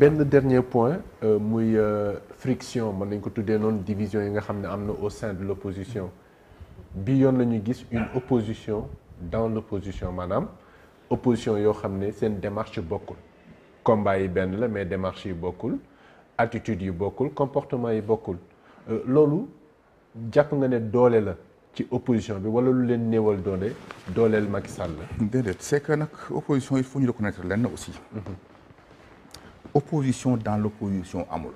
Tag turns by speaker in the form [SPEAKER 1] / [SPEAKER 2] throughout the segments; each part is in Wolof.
[SPEAKER 1] benn dernier point euh, muy euh, friction man nañ ko tuddee noonu division yi nga xam ne am na au sein de l'opposition bi yoon la ñu gis une opposition dans l'opposition maanaam opposition yoo xam ne seen démarche bokkul combat yi benn la mais démarche yi bokkul attitude yi bokkul comportement yi bokkul euh, loolu jàpp nga ne doole la ci opposition bi wala lu leen néewal doole dooleel Macky Sall la déedéet c'est que nag opposition il faut ñu reconnaître lenn aussi mm-hmm. opposition dans l'opposition amul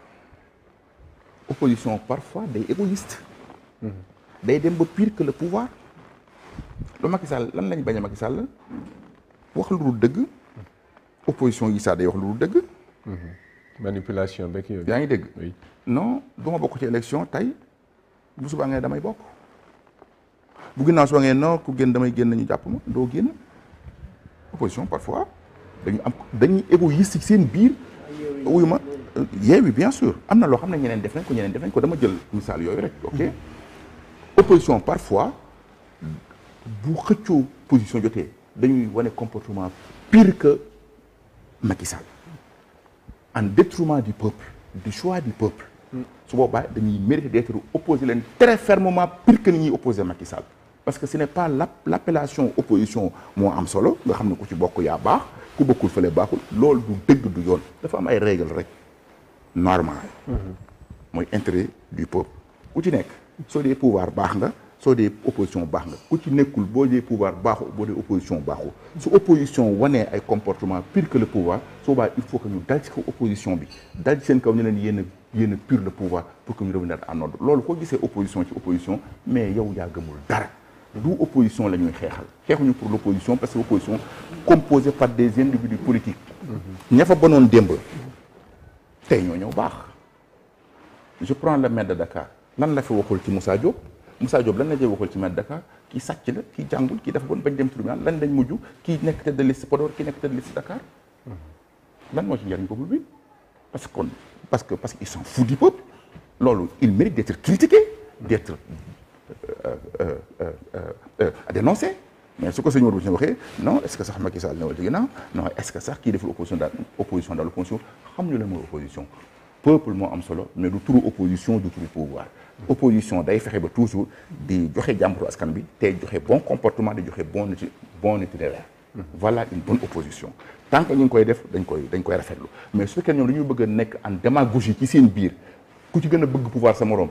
[SPEAKER 1] opposition parfois day égoïste mhm. day dem ba pire que le pouvoir lu Macky Sall lan lañ bañ a Macky Sall wax lu dul dëgg opposition yi sax day wax lu dul dëgg mhm. yaa ngi dégg non du ma bokk ci élection tey bu subaa ngeen damay bokk bu ginnaaw suba ngeen non ku génn damay génn ñu jàpp ma doo génn opposition parfois dañu am dañuy égoïste seen biir wuyu ma bien sûr am na loo xam ne ñeneen def ko ñeneen def ko dama jël misaal yooyu rek ok opposition parfois bu xëccoo position jotee dañuy wane comportement pir que Macky Sall en détriment du peuple du choix du peuple su boobaa dañuy mérité d'être opposé leen très fermement pire que ni ñuy opposé Macky Sall parce que ce n'est la l'appellation opposition moo am solo nga xam ne ku ci bokk yaa baax ku bokkul fële baaxul loolu du dëgg du yoon dafa am ay règle rek normal mhm. mooy intérêt du peuple ku ci nekk soo dee pouvoir baax nga soo dee opposition baax nga ku ci nekkul boo dee pouvoir baaxu boo dee opposition baaxu su opposition wanee ay comportement pire que le pouvoir soo baa il faut que ñu dal ci kaw opposition bi dal ci seen kaw ñu leen yéen yéen pire le pouvoir pour que ñu revenir en ordre loolu koo gisee opposition ci opposition mais yow yaa gëmul dara du opposition la ñuy xeexal xeexuñu pour l' opposition parce que opposition composée par des individus politiques mhm. ña fa bonoon démb tey ñoo ñëw baax je prends le maire de Dakar lan la fi waxul ci Moussa Diop Moussa Diop lan la jëy waxul ci maire de ki kii sàcc la kii jàngul kii dafa bon bañ dem tribunal lan lañ mujj kii nekk tête de liste Podor nekk tête de liste mhm. lan moo ci njëriñ peuple bi parce que kon parce que parce que ils s'en foutent loolu il mérite d' être critiqué d' être dénoncé mais su ko sëñ Modou Bousso waxee non est-ce que sax Macky Sall newal ci ginnaaw non est-ce que sax kii deful opposition daal opposition daal opposition xamuñu lan mooy opposition peuple moo am solo mais du turu opposition du turu pouvoir opposition day fexe ba toujours di joxe jàmbatu askan bi te joxe bon comportement di joxe bon bon itinéraire voilà une bonne opposition tant que ñu ngi koy def dañ koy dañ koy rafetlu mais su fekkee ñoom dañuy bëgg a nekk en démagogie ci seen biir ku ci gën bëgg pouvoir sa morom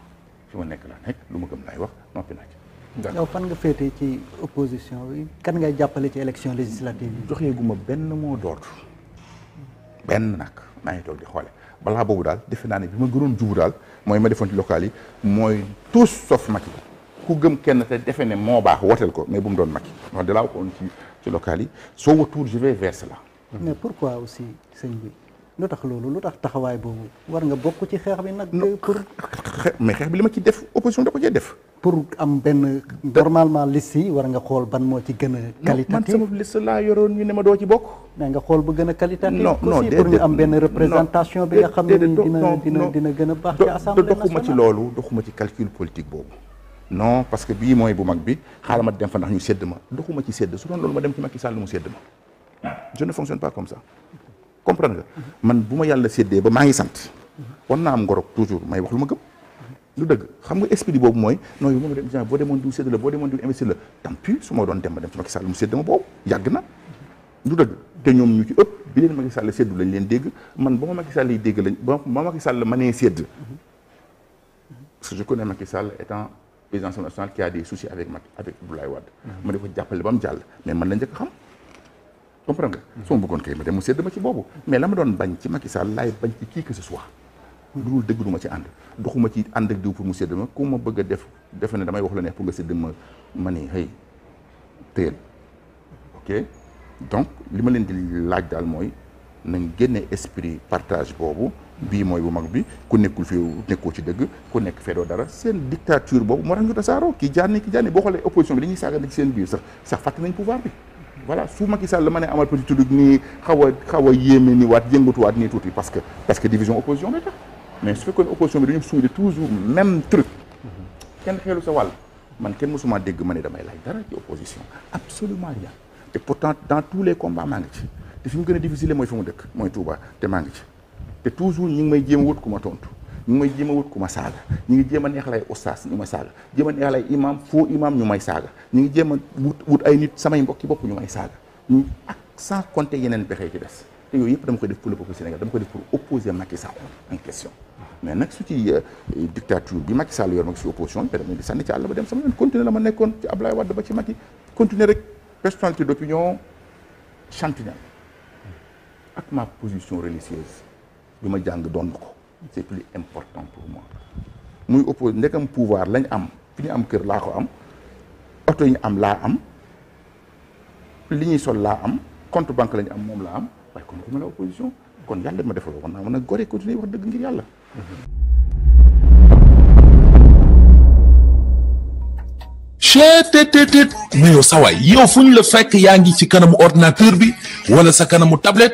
[SPEAKER 1] fi ma nekk laa nekk lu ma gëm laay wax noppi naa ci. yow fan nga féetee ci opposition bi kan ngay jàppale ci élection législative yi. joxeegu ma benn moo dootu benn nag maa ngi toog di xoole balaa boobu daal defe naa ne bi ma gënoon jubu daal mooy ma defoon ci local yi mooy tous sauf Macky ku gëm kenn te defe ne moo baax woteel ko mais bu mu doon Macky wax dalaa waxoon ci ci local yi soo watuur je vais vers cela mais pourquoi aussi sëñ bi lu tax loolu lu tax taxawaay boobu war nga bokk ci xeex bi nag. pour mais xeex bi li ma ci def opposition da ko cee def. pour am benn normalement liste yi war nga xool ban moo ci gën a. qualitatif man sama liste laa yoroon ma doo ci bokk. mais nga xool gën a qualitatif. non non pour ñu am benn représentation bi nga xam ne dina dina dina a baax. ci assemblée nationale doxuma ci loolu doxuma ci calcul politique boobu. non parce que bii mooy bu mag bi xaaral ma dem fa ndax ñu sedd ma doxuma ci sedd su doon loolu ma dem ci Macky Sall mu sédd ma je ne fonctionne pas comprendre nga man bu ma yàlla seddee ba maa ngi sant war naa am ngorog toujours may wax lu ma gëm lu dëgg xam nga esprit boobu mooy non yow moom dem boo demoon diw sédd la boo demoon diw investir la tant pis su ma doon dem ma dem ci Macky Sall mu sédd ma boobu yàgg na lu dëgg te ñoom ñu ci ëpp bi leen Macky Sall séddu lañ leen dégg man ba ma Macky Sall yi dégg lañ ba ma Macky Sall ma nee sédd parce que je connais Macky Sall étant président national qui a des soucis avec Macky avec Abdoulaye mmh. ma di ko jàppale ba mu jàll mais man la comprendre nga. su ma bëggoon kay ma dem mu sédd ma ci boobu. mais la ma doon bañ ci Macky Sall laay bañ ci kii que ce soit. loolu dëgg du ci ànd doxuma ci ànd ak diw pour mu sédd ma ku ma bëgg a def defe ne damay wax la neex pour nga sédd ma ma ni hey téyel ok donc li ma leen di laaj daal mooy nañ génne esprit partage boobu. bii mooy bu mag bi ku nekkul fi nekkoo ci dëgg ku nekk fedoo dara seen dictature boobu moo tax ñu tasaaroo kii jaanni ki jaanni boo xo opposition bi dañuy saaga ci seen biir sax sax fàtte nañ pouvoir bi. voilà su Macky Sall la mën a amal politique nii xaw a xaw a yéeme ni waat yëngatuwaat nii tuuti parce que parce que division opposition bi tax mais su fekkoon opposition bi dañu soumis toujours même truc kenn xeelu sa wàll man kenn mësuma dégg ma ne damay laaj dara ci opposition absolument rien et pourtant dans tous les combats maa ci te fi mu gën a difficile mooy fi mu dëkk mooy tuuba te maa ci te toujours ñu ngi may jéem wut ku ma tontu ñu may jéem a wut ñu ngi jéem a neex a neex lay imam faux imam ñu ngi jéem a wut wut ay nit samay mbokki bopp ñu may saaga ñu ak sans compter pexe te yooyu yëpp dama def pour le peuple ko def pour opposer Macky Sall en mais nag su ci euh, dictature bi Macky Sall yor mag si opposition bi dama di sànni ci àll ba dem sama yoon continuer la ma nekkoon ci Ablaye Wade ba ci Macky continuer rek personnalité d'opinion chantinelle ak ma position religieuse bi ma jàng doon ko c'est plus important pour moi muy oppose ndekam pouvoir lañ am fi ñu am kër laa ko am oto yi ñu am laa am li ñuy sol laa am compte banque lañ am moom laa am waaye kon ku ma la opposition kon yàlla ma defal woon naa mën a gore continuer wax dëgg ngir yàlla chetttt mais yow sawaay yow fu ñu la fekk yaa ngi ci kanamu ordinateur bi wala sa kanamu tablet